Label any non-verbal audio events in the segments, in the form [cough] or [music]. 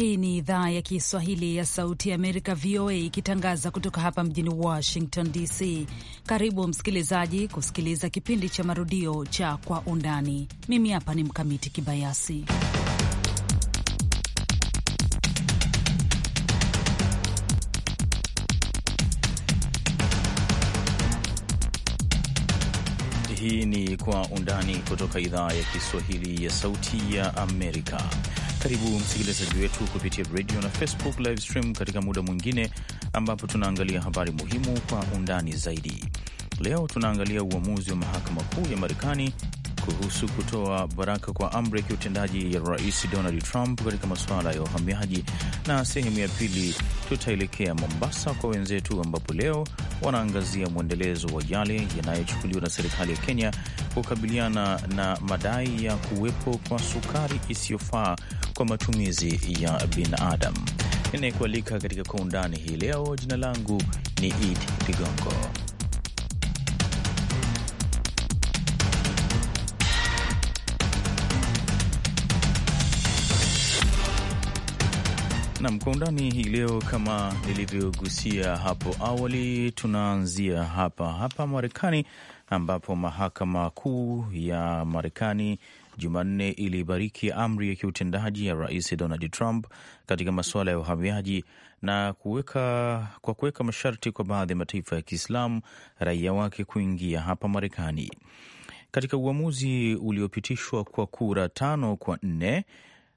Hii ni idhaa ya Kiswahili ya Sauti ya Amerika, VOA, ikitangaza kutoka hapa mjini Washington DC. Karibu msikilizaji kusikiliza kipindi cha marudio cha Kwa Undani. Mimi hapa ni Mkamiti Kibayasi. Hii ni Kwa Undani kutoka idhaa ya Kiswahili ya Sauti ya Amerika. Karibu msikilizaji wetu kupitia radio na Facebook live stream katika muda mwingine ambapo tunaangalia habari muhimu kwa undani zaidi. Leo tunaangalia uamuzi wa mahakama kuu ya Marekani kuhusu kutoa baraka kwa amri ya kiutendaji ya Rais Donald Trump katika masuala ya uhamiaji, na sehemu ya pili tutaelekea Mombasa kwa wenzetu, ambapo leo wanaangazia mwendelezo wa yale yanayochukuliwa na serikali ya Kenya kukabiliana na madai ya kuwepo kwa sukari isiyofaa kwa matumizi ya binadamu. Ninayekualika katika kwa undani hii leo, jina langu ni Idi Ligongo. Nam kwa undani hii leo, kama nilivyogusia hapo awali, tunaanzia hapa hapa Marekani, ambapo mahakama kuu ya Marekani Jumanne ilibariki amri ya kiutendaji ya Rais Donald Trump katika masuala ya uhamiaji na kuweka, kwa kuweka masharti kwa baadhi ya mataifa ya Kiislamu raia wake kuingia hapa Marekani. Katika uamuzi uliopitishwa kwa kura tano kwa nne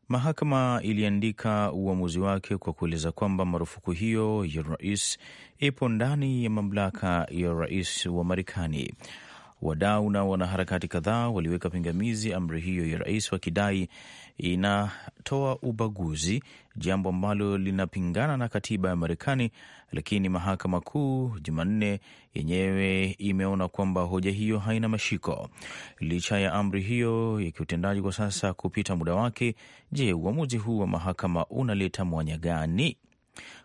Mahakama iliandika uamuzi wake kwa kueleza kwamba marufuku hiyo ya rais ipo ndani ya mamlaka ya rais wa Marekani. Wadau na wanaharakati kadhaa waliweka pingamizi amri hiyo ya rais, wakidai inatoa ubaguzi, jambo ambalo linapingana na katiba ya Marekani. Lakini mahakama kuu Jumanne yenyewe imeona kwamba hoja hiyo haina mashiko. Licha ya amri hiyo ya kiutendaji kwa sasa kupita muda wake, je, uamuzi huu wa mahakama unaleta mwanya gani?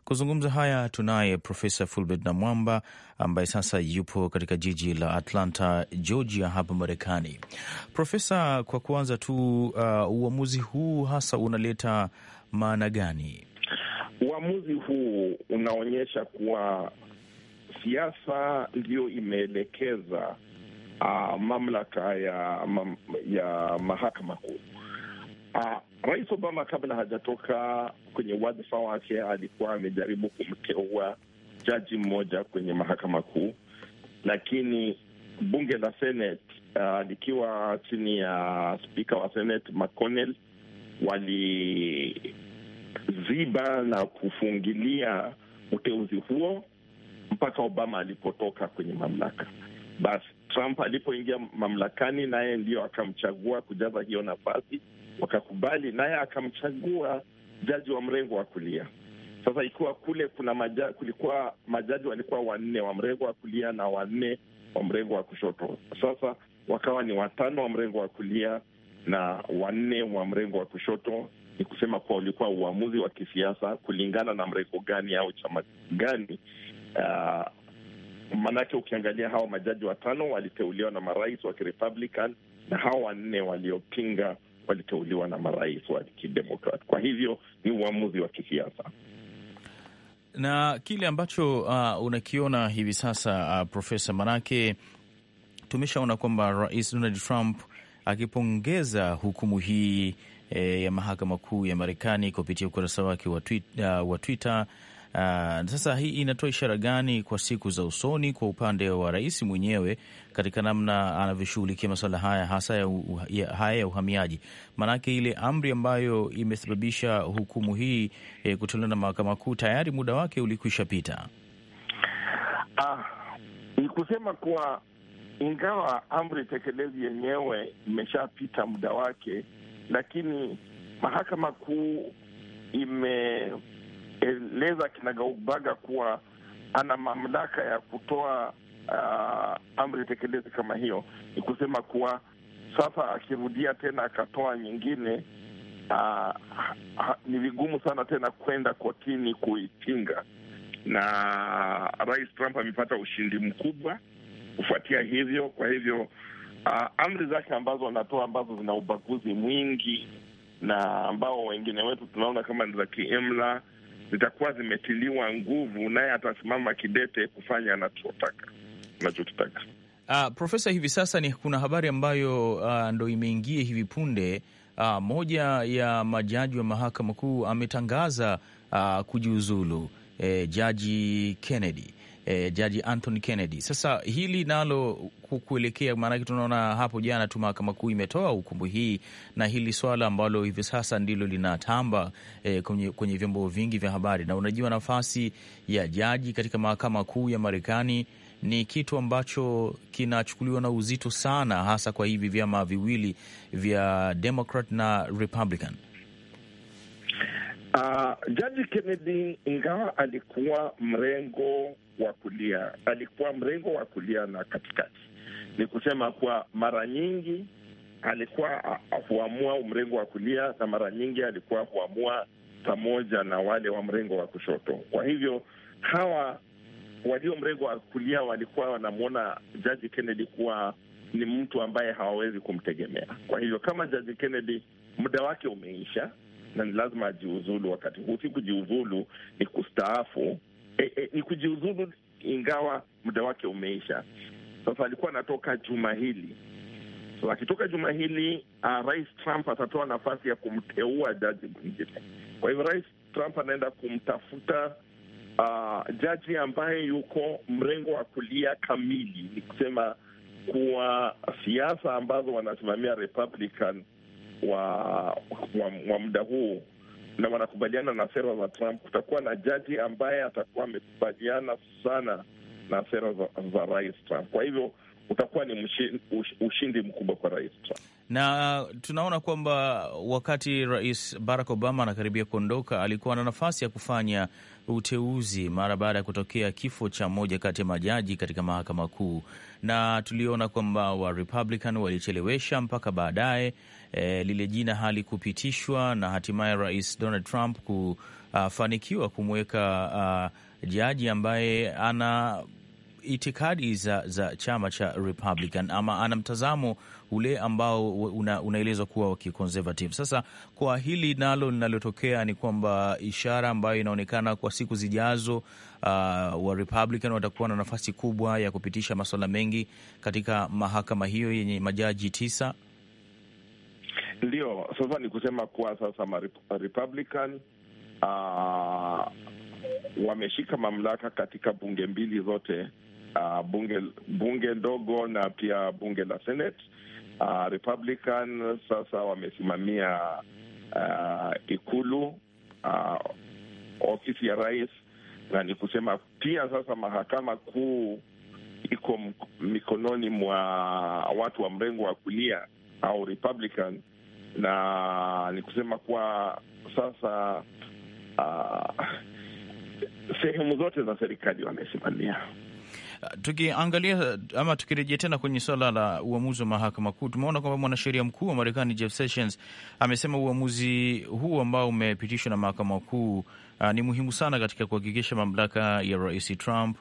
Kuzungumza haya tunaye Profesa Fulbert Namwamba ambaye sasa yupo katika jiji la Atlanta, Georgia, hapa Marekani. Profesa, kwa kuanza tu, uh, uamuzi huu hasa unaleta maana gani? Uamuzi huu unaonyesha kuwa siasa ndiyo imeelekeza uh, mamlaka ya, mam, ya mahakama kuu Uh, Rais Obama kabla hajatoka kwenye wadhifa wake alikuwa amejaribu kumteua jaji mmoja kwenye mahakama kuu, lakini bunge la Senate uh, likiwa chini ya spika wa Senate McConnell waliziba na kufungilia uteuzi huo mpaka Obama alipotoka kwenye mamlaka. Basi Trump alipoingia mamlakani, naye ndiyo akamchagua kujaza hiyo nafasi wakakubali, naye akamchagua jaji wa mrengo wa kulia. Sasa ikiwa kule kuna maja, kulikuwa majaji walikuwa wanne wa mrengo wa kulia na wanne wa mrengo wa kushoto, sasa wakawa ni watano wa mrengo wa kulia na wanne wa mrengo wa kushoto. Ni kusema kuwa ulikuwa uamuzi wa kisiasa kulingana na mrengo gani au chama gani. Uh, maanake ukiangalia hawa majaji watano waliteuliwa na marais wa Kirepublican na hawa wanne waliopinga waliteuliwa na marais wa kidemokrat. Kwa hivyo ni uamuzi wa kisiasa na kile ambacho uh, unakiona hivi sasa uh, Profesa, manake tumeshaona kwamba Rais Donald Trump akipongeza hukumu hii eh, ya mahakama kuu ya Marekani kupitia ukurasa wake wa Twitter, uh, wa Twitter Uh, sasa hii inatoa ishara gani kwa siku za usoni kwa upande wa rais mwenyewe katika namna anavyoshughulikia masuala haya hasa ya, ya, haya ya uhamiaji? Maanake ile amri ambayo imesababisha hukumu hii eh, kutolewa na mahakama kuu tayari muda wake ulikwisha pita. Ah, ni kusema kuwa ingawa amri tekelezi yenyewe imeshapita muda wake, lakini mahakama kuu ime anaeleza kinagaubaga kuwa ana mamlaka ya kutoa uh, amri tekelezi kama hiyo. Ni kusema kuwa sasa akirudia tena akatoa nyingine uh, ha, ni vigumu sana tena kwenda kotini kuipinga. Na Rais Trump amepata ushindi mkubwa kufuatia hivyo. Kwa hivyo uh, amri zake ambazo anatoa ambazo zina ubaguzi mwingi na ambao wengine wetu tunaona kama ni za kiimla zitakuwa zimetiliwa nguvu, naye atasimama kidete kufanya anachotaka anachotaka. Uh, Profesa, hivi sasa ni kuna habari ambayo uh, ah, ndo imeingia hivi punde uh, moja ya majaji wa mahakama kuu ametangaza uh, kujiuzulu eh, Jaji Kennedy eh, Jaji Anthony Kennedy. Sasa hili nalo kuelekea, maanake tunaona hapo jana tu mahakama kuu imetoa hukumu hii, na hili swala ambalo hivi sasa ndilo linatamba e, kwenye, kwenye vyombo vingi vya habari. Na unajua nafasi ya jaji katika mahakama kuu ya Marekani ni kitu ambacho kinachukuliwa na uzito sana, hasa kwa hivi vyama viwili vya Democrat na Republican. Uh, Jaji Kennedy ingawa alikuwa mrengo wa kulia, alikuwa mrengo wa kulia na katikati, ni kusema kuwa mara nyingi alikuwa huamua mrengo wa kulia na mara nyingi alikuwa huamua pamoja na wale wa mrengo wa kushoto. Kwa hivyo hawa walio mrengo wa kulia walikuwa wanamwona Jaji Kennedy kuwa ni mtu ambaye hawawezi kumtegemea. Kwa hivyo kama Jaji Kennedy muda wake umeisha na ni lazima ajiuzulu wakati huu, si kujiuzulu, ni kustaafu. E, e, ni kujiuzulu ingawa muda wake umeisha. Sasa alikuwa anatoka juma hili. So akitoka juma hili uh, Rais Trump atatoa nafasi ya kumteua jaji mwingine. Kwa hivyo Rais Trump anaenda kumtafuta uh, jaji ambaye yuko mrengo wa kulia kamili, ni kusema kuwa siasa ambazo wanasimamia Republican wa, wa, wa muda huu na wanakubaliana na sera za Trump, kutakuwa na jaji ambaye atakuwa amekubaliana sana na sera za, za rais Trump. Kwa hivyo utakuwa ni mshin, ushindi mkubwa kwa rais Trump. Na uh, tunaona kwamba wakati rais Barack Obama anakaribia kuondoka, alikuwa na nafasi ya kufanya uteuzi mara baada ya kutokea kifo cha moja kati ya majaji katika mahakama kuu, na tuliona kwamba wa Republican walichelewesha mpaka baadaye e, lile jina hali kupitishwa na hatimaye rais Donald Trump kufanikiwa uh, kumweka uh, jaji ambaye ana itikadi za, za chama cha Republican ama ana mtazamo ule ambao una, unaelezwa kuwa wa kiconservative. Sasa kwa hili nalo linalotokea ni kwamba ishara ambayo inaonekana kwa siku zijazo, uh, wa Republican watakuwa na nafasi kubwa ya kupitisha masuala mengi katika mahakama hiyo yenye majaji tisa. Ndio sasa ni kusema kuwa sasa ma Republican uh, wameshika mamlaka katika bunge mbili zote uh, bunge bunge ndogo na pia bunge la Senate. Uh, Republican sasa wamesimamia uh, ikulu uh, ofisi ya rais, na ni kusema pia sasa mahakama kuu iko mikononi mwa watu wa mrengo wa kulia au Republican, na ni kusema kuwa sasa uh, sehemu zote za serikali wamesimamia. Tukiangalia ama tukirejea tena kwenye swala la uamuzi wa mahakama kuu, tumeona kwamba mwanasheria mkuu wa Marekani Jeff Sessions amesema uamuzi huu ambao umepitishwa na mahakama kuu uh, ni muhimu sana katika kuhakikisha mamlaka ya Rais Trump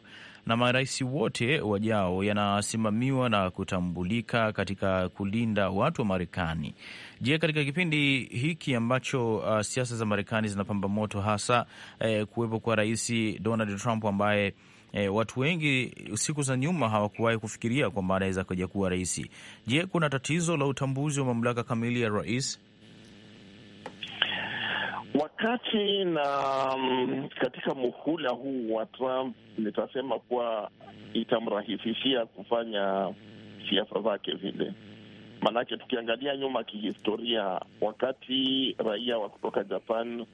na marais wote wajao yanasimamiwa na kutambulika katika kulinda watu wa Marekani. Je, katika kipindi hiki ambacho uh, siasa za Marekani zinapamba moto hasa eh, kuwepo kwa Rais Donald Trump ambaye E, watu wengi siku za nyuma hawakuwahi kufikiria kwamba anaweza kuja kuwa rais. Je, kuna tatizo la utambuzi wa mamlaka kamili ya rais? Wakati na um, katika muhula huu wa Trump nitasema kuwa itamrahisishia kufanya siasa zake vile, maanake tukiangalia nyuma kihistoria, wakati raia wa kutoka Japan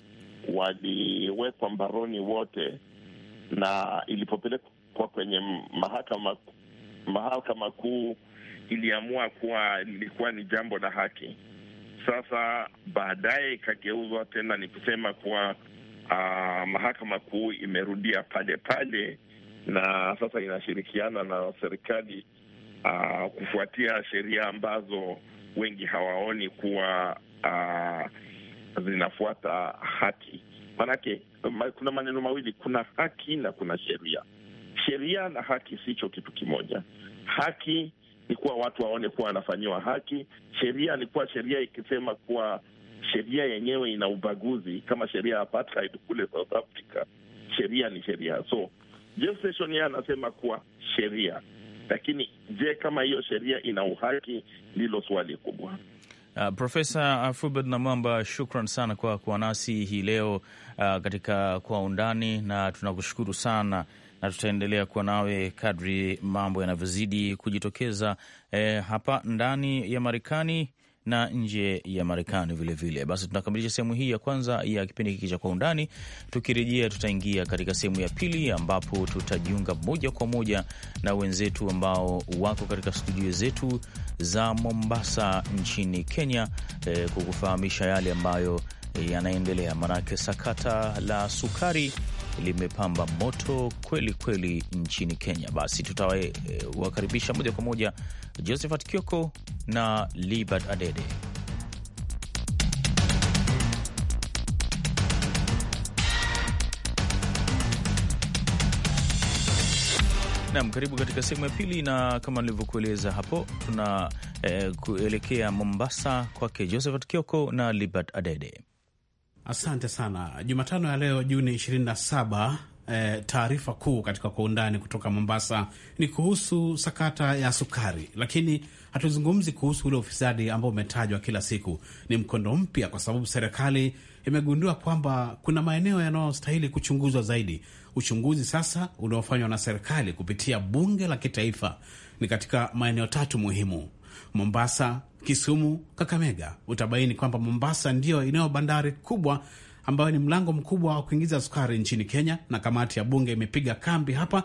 waliwekwa mbaroni wote na ilipopelekwa kwenye mahakama mahakama kuu iliamua kuwa lilikuwa ni jambo la haki. Sasa baadaye ikageuzwa tena, ni kusema kuwa uh, mahakama kuu imerudia pale pale, na sasa inashirikiana na serikali uh, kufuatia sheria ambazo wengi hawaoni kuwa uh, zinafuata haki. Maanake kuna maneno mawili, kuna haki na kuna sheria. Sheria na haki sicho kitu kimoja. Haki ni kuwa watu waone kuwa wanafanyiwa haki. Sheria ni kuwa sheria ikisema kuwa sheria yenyewe ina ubaguzi, kama sheria ya apartheid kule South Africa. Sheria ni sheria, so Jeff Sessions yeye anasema kuwa sheria, lakini je, kama hiyo sheria ina uhaki? Ndilo swali kubwa. Uh, Profesa Fulbert Namwamba, shukran sana kwa kuwa nasi hii leo uh, katika Kwa Undani, na tunakushukuru sana na tutaendelea kuwa nawe kadri mambo yanavyozidi kujitokeza eh, hapa ndani ya Marekani na nje ya Marekani vilevile. Basi tunakamilisha sehemu hii ya kwanza ya kipindi hiki cha Kwa Undani. Tukirejea tutaingia katika sehemu ya pili, ambapo tutajiunga moja kwa moja na wenzetu ambao wako katika studio zetu za Mombasa nchini Kenya, eh, kukufahamisha yale ambayo eh, yanaendelea, manake sakata la sukari limepamba moto kweli kweli nchini Kenya. Basi tutawakaribisha e, moja kwa moja Josephat Kioko na Libert Adede. Nam, karibu katika sehemu ya pili, na kama nilivyokueleza hapo, tuna eh, kuelekea Mombasa kwake Josephat Kioko na Libert Adede. Asante sana. Jumatano ya leo Juni 27, eh, taarifa kuu katika kwa undani kutoka Mombasa ni kuhusu sakata ya sukari, lakini hatuzungumzi kuhusu ule ufisadi ambao umetajwa kila siku. Ni mkondo mpya kwa sababu serikali imegundua kwamba kuna maeneo yanayostahili kuchunguzwa zaidi. Uchunguzi sasa unaofanywa na serikali kupitia bunge la kitaifa ni katika maeneo tatu muhimu: Mombasa, Kisumu, Kakamega. Utabaini kwamba Mombasa ndiyo inayo bandari kubwa ambayo ni mlango mkubwa wa kuingiza sukari nchini Kenya, na kamati ya bunge imepiga kambi hapa.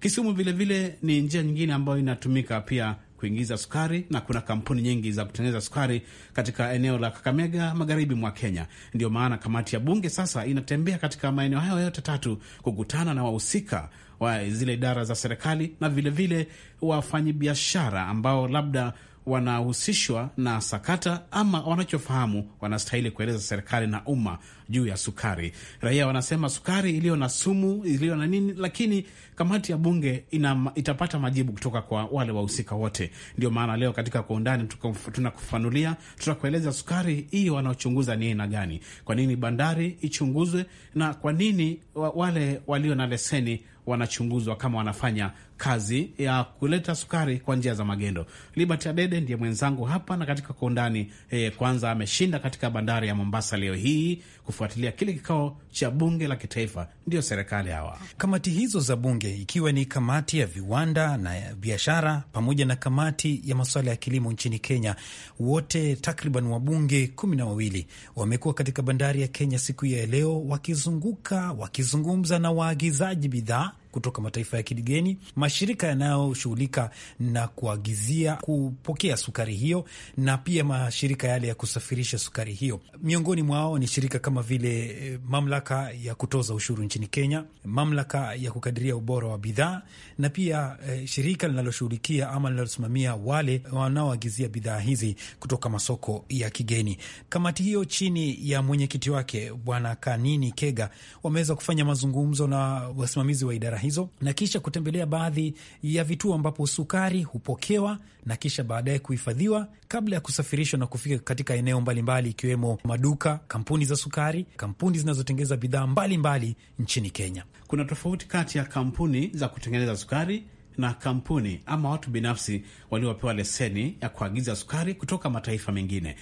Kisumu vilevile ni njia nyingine ambayo inatumika pia kuingiza sukari na kuna kampuni nyingi za kutengeneza sukari katika eneo la Kakamega, magharibi mwa Kenya. ndio maana kamati ya bunge sasa inatembea katika maeneo hayo yote tatu kukutana na wahusika wa zile idara za serikali na vilevile wafanyibiashara ambao labda wanahusishwa na sakata ama wanachofahamu wanastahili kueleza serikali na umma juu ya sukari. Raia wanasema sukari iliyo na sumu, iliyo na nini, lakini kamati ya bunge ina, itapata majibu kutoka kwa wale wahusika wote. Ndio maana leo katika kwa undani tunakufanulia, tutakueleza sukari hiyo wanaochunguza ni aina gani, kwa nini bandari ichunguzwe na kwa nini wale walio na leseni wanachunguzwa kama wanafanya kazi ya kuleta sukari kwa njia za magendo. Liberty Adede ndiye mwenzangu hapa na katika kwa undani eh, kwanza ameshinda katika bandari ya Mombasa leo hii kufuatilia kile kikao cha bunge la kitaifa, ndiyo serikali hawa kamati hizo za bunge, ikiwa ni kamati ya viwanda na biashara pamoja na kamati ya masuala ya kilimo nchini Kenya, wote takriban wabunge kumi na wawili wamekuwa katika bandari ya Kenya siku ya leo wakizunguka wakizungumza na waagizaji bidhaa kutoka mataifa ya kigeni, mashirika yanayoshughulika na kuagizia kupokea sukari hiyo, na pia mashirika yale ya kusafirisha sukari hiyo. Miongoni mwao ni shirika kama vile eh, mamlaka ya kutoza ushuru nchini Kenya, mamlaka ya kukadiria ubora wa bidhaa, na pia eh, shirika linaloshughulikia ama linalosimamia wale wanaoagizia bidhaa hizi kutoka masoko ya kigeni. Kamati hiyo chini ya mwenyekiti wake Bwana Kanini Kega wameweza kufanya mazungumzo na wasimamizi wa idara hii hizo na kisha kutembelea baadhi ya vituo ambapo sukari hupokewa na kisha baadaye kuhifadhiwa kabla ya kusafirishwa na kufika katika eneo mbalimbali ikiwemo mbali, maduka, kampuni za sukari, kampuni zinazotengeneza bidhaa mbalimbali nchini Kenya. Kuna tofauti kati ya kampuni za kutengeneza sukari na kampuni ama watu binafsi waliopewa leseni ya kuagiza sukari kutoka mataifa mengine.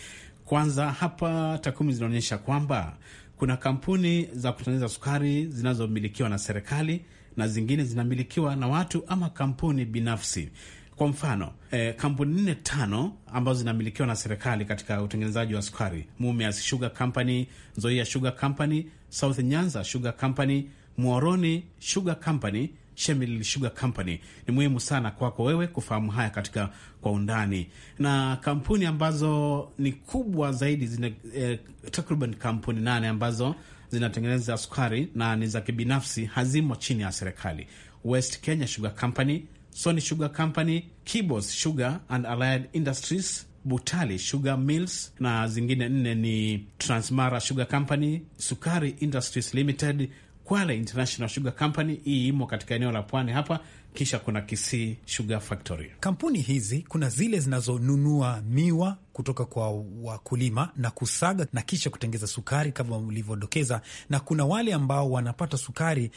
Kwanza hapa takwimu zinaonyesha kwamba kuna kampuni za kutengeneza sukari zinazomilikiwa na serikali na zingine zinamilikiwa na watu ama kampuni binafsi. Kwa mfano eh, kampuni nne tano ambazo zinamilikiwa na serikali katika utengenezaji wa sukari: Mumias Sugar Company, Nzoia Sugar Company, South Nyanza Sugar Company, Mworoni Sugar Company, Shemil Sugar Company. Ni muhimu sana kwako wewe kufahamu haya katika kwa undani, na kampuni ambazo ni kubwa zaidi zina eh, takriban kampuni nane ambazo zinatengeneza sukari na ni za kibinafsi, hazimo chini ya serikali. West Kenya Sugar Company, Sony Sugar Company, Kibos Sugar and Allied Industries, Butali Sugar Mills na zingine nne ni Transmara Sugar Company, Sukari Industries Limited, Kwale International Sugar Company. Hii imo katika eneo la pwani hapa. Kisha kuna Kisii Sugar Factory. Kampuni hizi kuna zile zinazonunua miwa kutoka kwa wakulima na kusaga na kisha kutengeza sukari kama ulivyodokeza, na kuna wale ambao wanapata sukari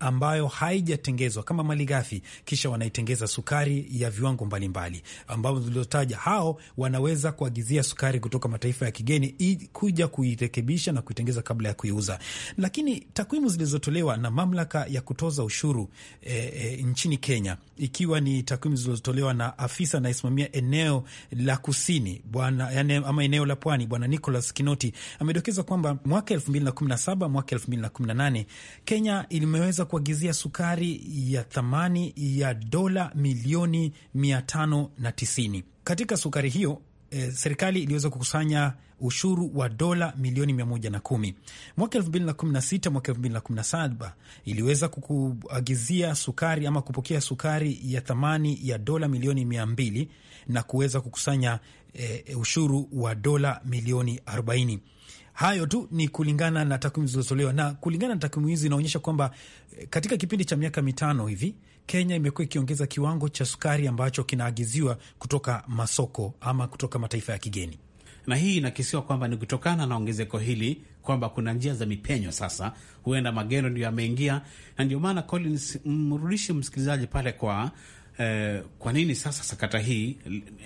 ambayo haijatengezwa kama malighafi, kisha wanaitengeza sukari ya viwango mbalimbali ambao tuliotaja. Hao wanaweza kuagizia sukari kutoka mataifa ya kigeni kuja kuirekebisha na kuitengeza kabla ya kuiuza. Lakini takwimu zilizotolewa na mamlaka ya kutoza ushuru e, e, nchini Kenya, ikiwa ni takwimu zilizotolewa na afisa anayesimamia eneo la kusini bwa bwana yani, ama eneo la pwani bwana Nicholas Kinoti amedokeza kwamba mwaka 2017 mwaka 2018 Kenya ilimeweza kuagizia sukari ya thamani ya dola milioni 590. Katika sukari hiyo e, serikali iliweza kukusanya ushuru wa dola milioni 110. Mwaka 2016 mwaka 2017 iliweza kukuagizia sukari ama kupokea sukari ya thamani ya dola milioni 200 na kuweza kukusanya e, ushuru wa dola milioni 40. Hayo tu ni kulingana na takwimu zilizotolewa, na kulingana na takwimu hizi inaonyesha kwamba eh, katika kipindi cha miaka mitano hivi Kenya imekuwa ikiongeza kiwango cha sukari ambacho kinaagiziwa kutoka masoko ama kutoka mataifa ya kigeni na hii inakisiwa kwamba ni kutokana na ongezeko hili kwamba kuna njia za mipenyo sasa, huenda magendo ndio yameingia, na ndio maana Collins, mm, mrudishi msikilizaji pale kwa eh, kwa nini sasa sakata hii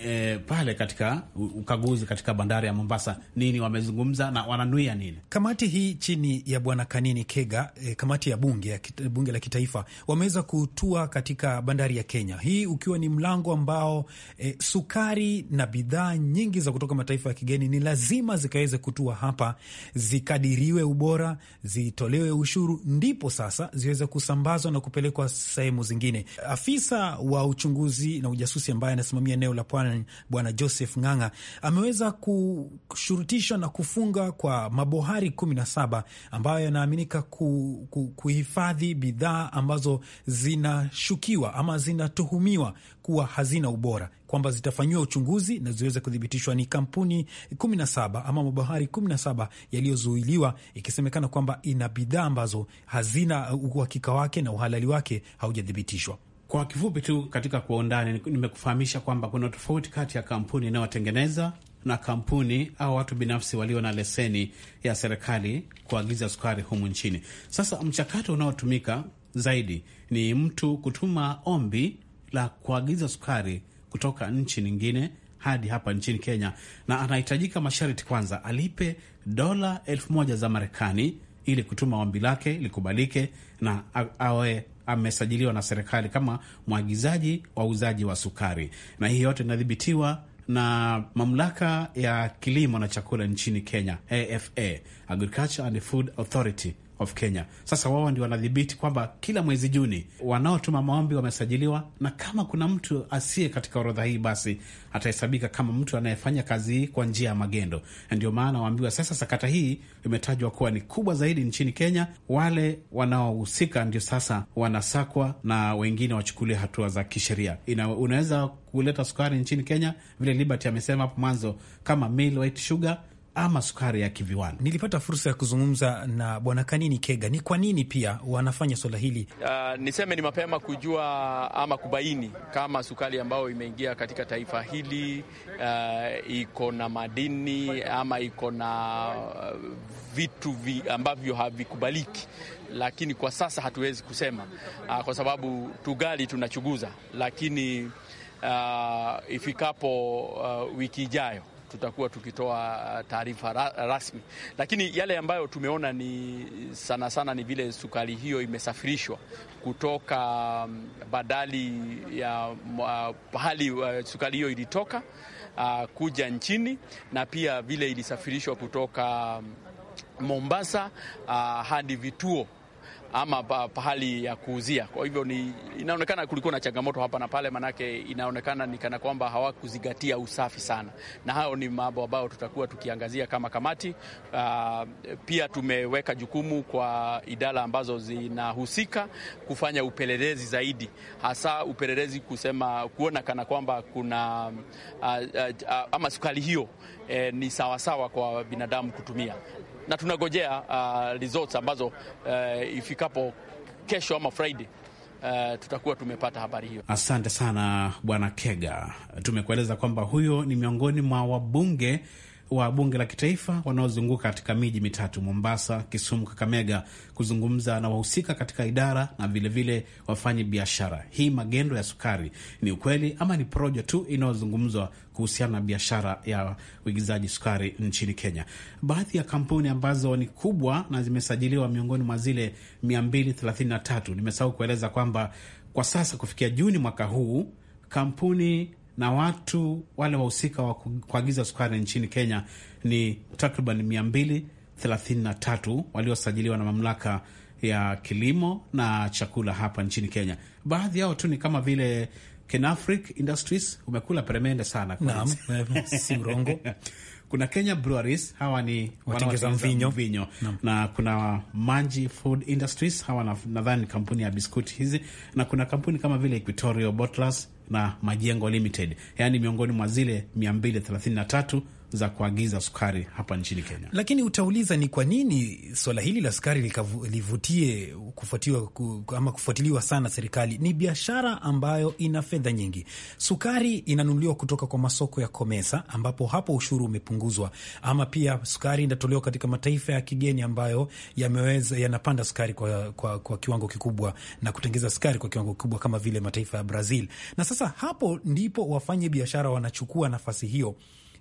eh, pale katika ukaguzi katika bandari ya Mombasa, nini wamezungumza na wananuia nini? Kamati hii chini ya bwana Kanini Kega eh, kamati ya bunge ya bunge la kitaifa wameweza kutua katika bandari ya Kenya, hii ukiwa ni mlango ambao eh, sukari na bidhaa nyingi za kutoka mataifa ya kigeni ni lazima zikaweze kutua hapa, zikadiriwe ubora, zitolewe ushuru, ndipo sasa ziweze kusambazwa na kupelekwa sehemu zingine. Afisa wa wa uchunguzi na ujasusi ambaye anasimamia eneo la Pwani, Bwana Joseph Ng'ang'a ameweza kushurutishwa na kufunga kwa mabohari kumi na saba ambayo yanaaminika ku, ku, kuhifadhi bidhaa ambazo zinashukiwa ama zinatuhumiwa kuwa hazina ubora kwamba zitafanyiwa uchunguzi na ziweze kuthibitishwa. Ni kampuni 17 ama mabohari 17 yaliyozuiliwa, ikisemekana kwamba ina bidhaa ambazo hazina uhakika wake na uhalali wake haujathibitishwa. Kwa kifupi tu, katika kwa undani, nimekufahamisha kwamba kuna tofauti kati ya kampuni inayotengeneza na kampuni au watu binafsi walio na leseni ya serikali kuagiza sukari humu nchini. Sasa mchakato unaotumika zaidi ni mtu kutuma ombi la kuagiza sukari kutoka nchi nyingine hadi hapa nchini Kenya, na anahitajika masharti. Kwanza alipe dola elfu moja za Marekani ili kutuma ombi lake likubalike na awe amesajiliwa na serikali kama mwagizaji wa uzaji wa sukari, na hii yote inadhibitiwa na mamlaka ya kilimo na chakula nchini Kenya, AFA, Agriculture and Food Authority of Kenya. Sasa wao ndio wanadhibiti kwamba kila mwezi Juni wanaotuma maombi wamesajiliwa, na kama kuna mtu asiye katika orodha hii, basi atahesabika kama mtu anayefanya kazi hii kwa njia ya magendo. Ndio maana waambiwa sasa, sakata hii imetajwa kuwa ni kubwa zaidi nchini Kenya. Wale wanaohusika ndio sasa wanasakwa na wengine wachukulia hatua za kisheria. Unaweza kuleta sukari nchini Kenya, vile Liberty amesema hapo mwanzo, kama milk white sugar ama sukari ya kiviwanda. Nilipata fursa ya kuzungumza na Bwana Kanini Kega, ni kwa nini pia wanafanya swala hili. Uh, niseme ni mapema kujua ama kubaini kama sukari ambayo imeingia katika taifa hili uh, iko na madini ama iko na uh, vitu vi ambavyo havikubaliki lakini kwa sasa hatuwezi kusema uh, kwa sababu tugali tunachuguza lakini uh, ifikapo uh, wiki ijayo tutakuwa tukitoa uh, taarifa ra rasmi, lakini yale ambayo tumeona ni sana sana ni vile sukari hiyo imesafirishwa kutoka um, badali ya uh, pahali uh, sukari hiyo ilitoka uh, kuja nchini na pia vile ilisafirishwa kutoka um, Mombasa uh, hadi vituo ama pahali ya kuuzia. Kwa hivyo ni inaonekana kulikuwa na changamoto hapa na pale, manake inaonekana ni kana kwamba hawakuzingatia usafi sana, na hayo ni mambo ambayo tutakuwa tukiangazia kama kamati. Uh, pia tumeweka jukumu kwa idara ambazo zinahusika kufanya upelelezi zaidi, hasa upelelezi kusema kuona kana kwamba kuna uh, uh, uh, ama sukari hiyo eh, ni sawasawa kwa binadamu kutumia na tunagojea uh, results ambazo uh, ifikapo kesho ama Friday Uh, tutakuwa tumepata habari hiyo. Asante sana Bwana Kega, tumekueleza kwamba huyo ni miongoni mwa wabunge wa bunge la kitaifa wanaozunguka katika miji mitatu Mombasa, Kisumu, Kakamega, kuzungumza na wahusika katika idara na vilevile wafanyi biashara. Hii magendo ya sukari ni ukweli ama ni projo tu inayozungumzwa kuhusiana na biashara ya uigizaji sukari nchini Kenya? Baadhi ya kampuni ambazo ni kubwa na zimesajiliwa miongoni mwa zile 233 nimesahau kueleza kwamba kwa sasa kufikia Juni mwaka huu kampuni na watu wale wahusika wa kuagiza sukari nchini Kenya ni takriban 233 waliosajiliwa na mamlaka ya kilimo na chakula hapa nchini Kenya. Baadhi yao tu ni kama vile Kenafric Industries, umekula peremende sana naam, si urongo. [laughs] Kuna Kenya Breweries, hawa ni wanaotengeza mvinyo vinyo, na kuna Manji Food Industries, hawa nadhani kampuni ya biskuti hizi, na kuna kampuni kama vile Equatorial Bottlers na Majengo Limited, yaani miongoni mwa zile 233 za kuagiza sukari hapa nchini Kenya. Lakini utauliza ni kwa nini swala hili la sukari livutie kufuatiliwa ama kufuatiliwa sana serikali? Ni biashara ambayo ina fedha nyingi. Sukari inanunuliwa kutoka kwa masoko ya Komesa, ambapo hapo ushuru umepunguzwa, ama pia sukari inatolewa katika mataifa ya kigeni ambayo yameweza yanapanda sukari kwa, kwa, kwa kiwango kikubwa na kutengeza sukari kwa kiwango kikubwa kama vile mataifa ya Brazil, na sasa hapo ndipo wafanye biashara wanachukua nafasi hiyo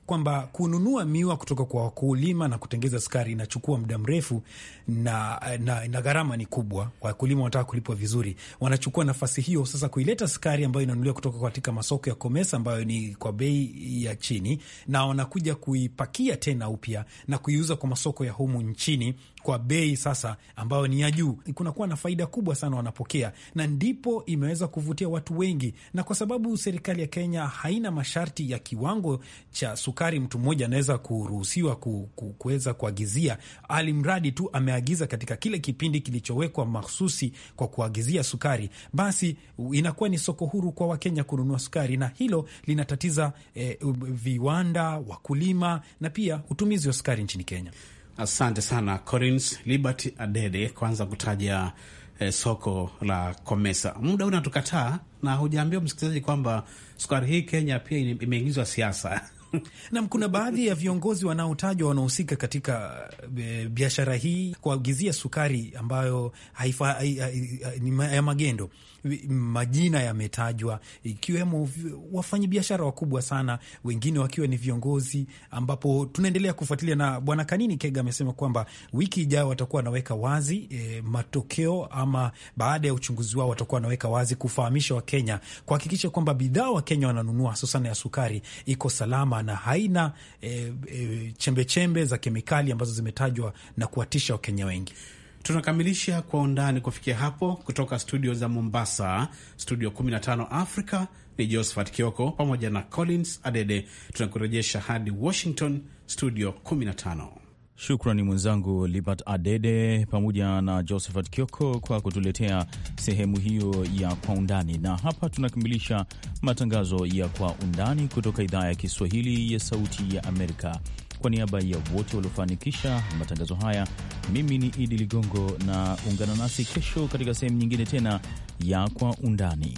kwamba kununua miwa kutoka kwa wakulima na kutengeza sukari inachukua muda mrefu na, na, na gharama ni kubwa. Wakulima wanataka kulipwa vizuri, wanachukua nafasi hiyo sasa kuileta sukari ambayo inanunuliwa kutoka katika masoko ya Komesa ambayo ni kwa bei ya chini, na wanakuja kuipakia tena upya na kuiuza kwa masoko ya humu nchini kwa bei sasa ambayo ni ya juu, kunakuwa na faida kubwa sana wanapokea, na ndipo imeweza kuvutia watu wengi. Na kwa sababu serikali ya Kenya haina masharti ya kiwango cha sukari mtu mmoja anaweza kuruhusiwa kuweza kuagizia, alimradi tu ameagiza katika kile kipindi kilichowekwa mahususi kwa kuagizia sukari, basi inakuwa ni soko huru kwa Wakenya kununua sukari, na hilo linatatiza eh, viwanda, wakulima na pia utumizi wa sukari nchini Kenya. Asante sana Collins Liberty Adede, kwanza kutaja eh, soko la Komesa. Muda unatukataa na hujaambia msikilizaji kwamba sukari hii Kenya pia imeingizwa siasa [laughs] [laughs] Nam, kuna baadhi ya viongozi wanaotajwa wanahusika katika eh, biashara hii kuagizia sukari ambayo haifa, ha, ha, ha, ya magendo. Majina yametajwa ikiwemo wafanyabiashara wakubwa sana, wengine wakiwa ni viongozi, ambapo tunaendelea kufuatilia. Na Bwana Kanini Kega amesema kwamba wiki ijayo watakuwa wanaweka wazi e, matokeo ama baada ya uchunguzi wao watakuwa wanaweka wazi kufahamisha Wakenya kuhakikisha kwamba bidhaa Wakenya wananunua hususan ya sukari iko salama maana haina e, eh, eh, e, chembechembe za kemikali ambazo zimetajwa na kuwatisha Wakenya wengi. Tunakamilisha kwa undani kufikia hapo. Kutoka studio za Mombasa, studio 15 Africa ni Josephat Kioko pamoja na Collins Adede. Tunakurejesha hadi Washington, studio 15. Shukrani mwenzangu Libert Adede pamoja na Josephat Kioko kwa kutuletea sehemu hiyo ya Kwa Undani, na hapa tunakamilisha matangazo ya Kwa Undani kutoka idhaa ya Kiswahili ya Sauti ya Amerika. Kwa niaba ya wote waliofanikisha matangazo haya, mimi ni Idi Ligongo na ungana nasi kesho katika sehemu nyingine tena ya Kwa Undani.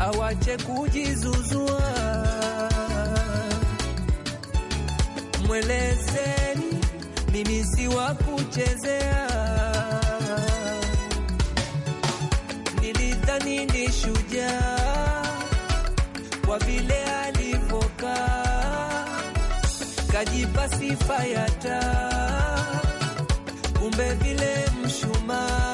awache kujizuzua, mwelezeni mimi si wa kuchezea. Nilidhani ni shujaa kwa vile alivokaa kajipa sifa ya taa, kumbe vile mshumaa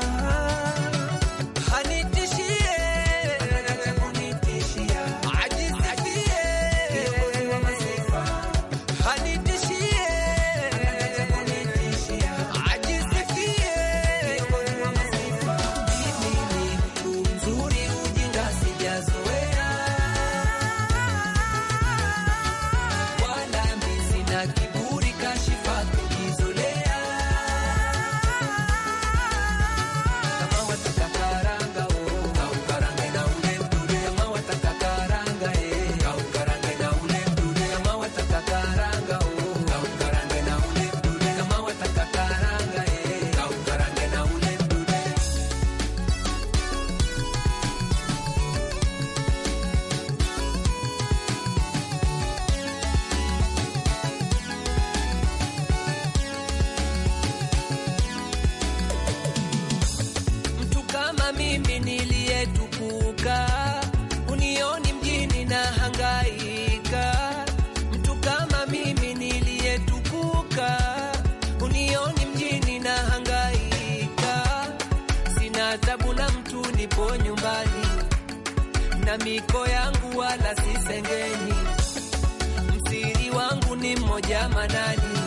moja manani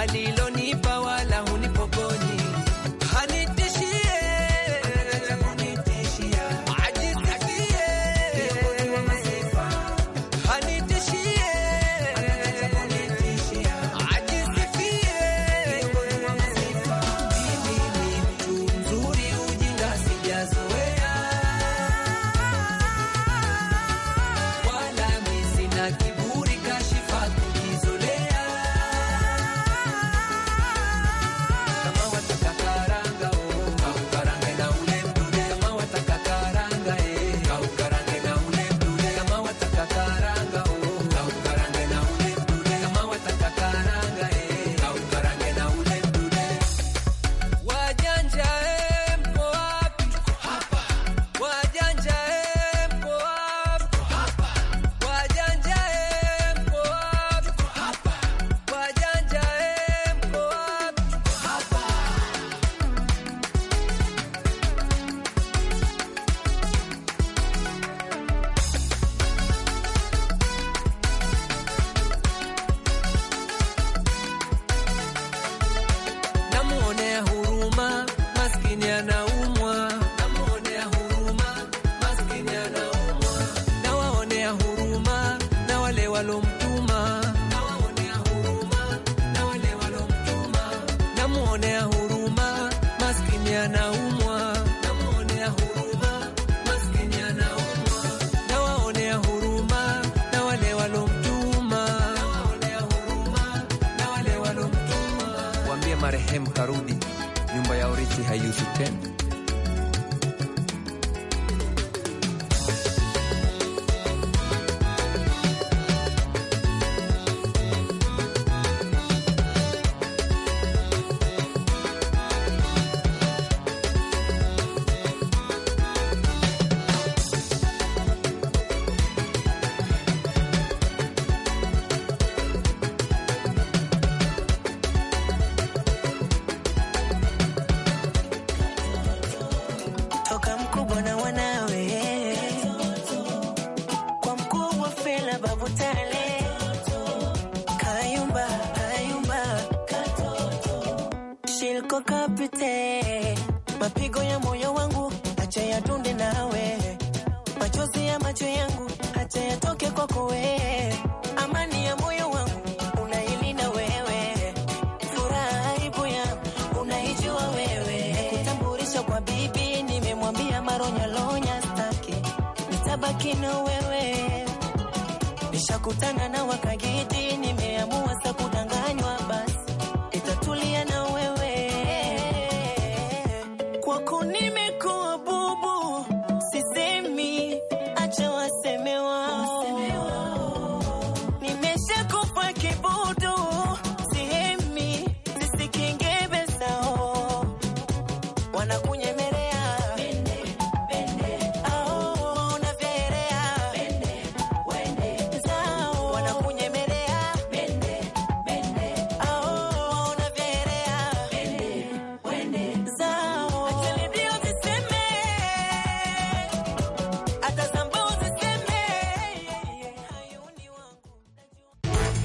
alilo lakini wewe nishakutana na wakagidi, nimeamua sakuna